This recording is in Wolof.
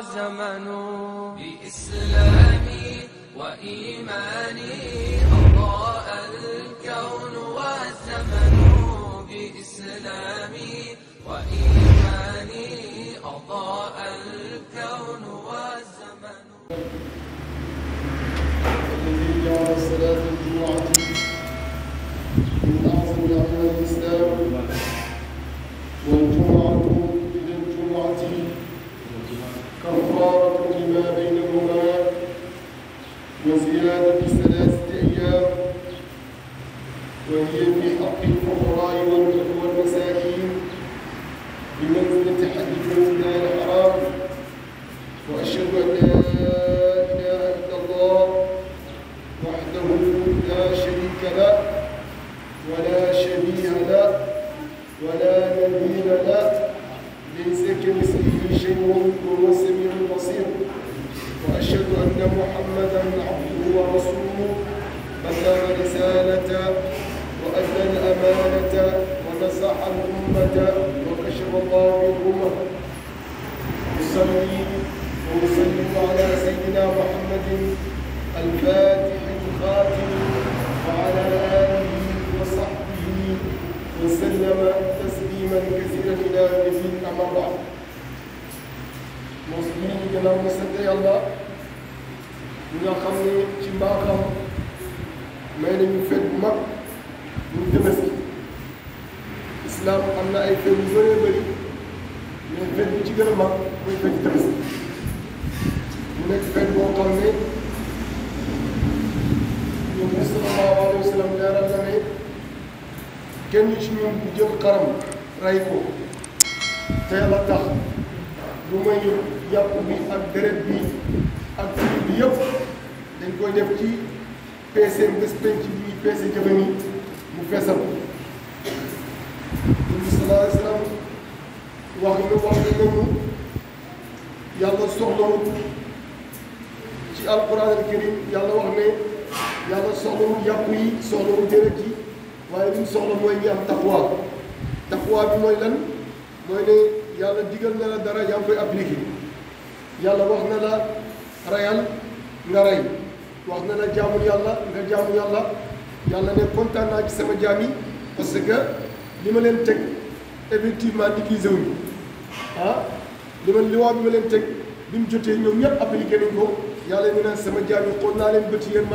زمن بإسلامي وإيماني أضاء الكون والزمن بإسلامي وإيماني أضاء الكون والزمن الذي جعل صلاة الجمعة المبارك لما بينهما وزيادة ثلاثة أيام وهي في حق الفقراء والمساكين بمنزلة حد المنزل الحرام وأشهد أن لا إله إلا الله وحده لا شريك له ولا شبيه له ولا نذير له ليس كمثله شيء محمدا عبده ورسوله بلغ رسالة وأدى الأمانة ونصح الأمة وكشف الله الأمة أصلي وأسلم على سيدنا محمد الفاتح الخاتم وعلى آله وصحبه وسلم تسليما كثيرا إلى يوم الدين أما بعد مسلمين كلام صدق الله ñi nga xam ne ci mbaaxam may nañu fet bu ma ñu Tabaski islam am na ay fet yu bëree ci gën a mag mooy mu nekk fet boo xam ne ñoom sallallahu alayhi wa sallam leeral na ci ñoom bu jël xaram ray ko te yàlla tax lu may yàpp bi ak deret bi ak koy def ci PC penc bi PC jamono mu feesal ko. nabi sallallahu alayhi wa sallam wax nga yi soxlawul deret soxla mooy ñi am taxawaay taxawaay bi mooy lan mooy ne yàlla digal na la dara yaa koy appliqué yàlla wax na la rayal nga rey. wax na la jaamul yàlla nga jaamul yàlla yàlla ne kontaan naa ci sama jaam yi parce que li ma leen teg effectivement négligé wuñu ah li ma li waa bi ma leen teg bi mu jotee ñoom ñëpp appliqué nañ ko yàlla ñu naan sama jaam yi xool naa leen bët yéen